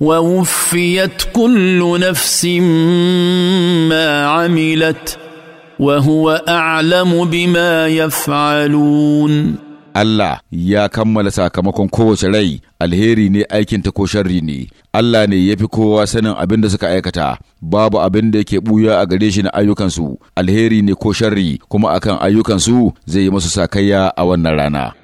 ووفيت كل نفس ما عملت وهو أعلم بما يفعلون Allah ya kammala sakamakon kowace rai alheri ne aikinta ko sharri ne, Allah ne ya fi kowa sanin abin da suka aikata, babu abin da yake buya a gare shi na ayyukansu, alheri ne ko sharri kuma akan ayyukansu zai yi masu sakayya a wannan rana.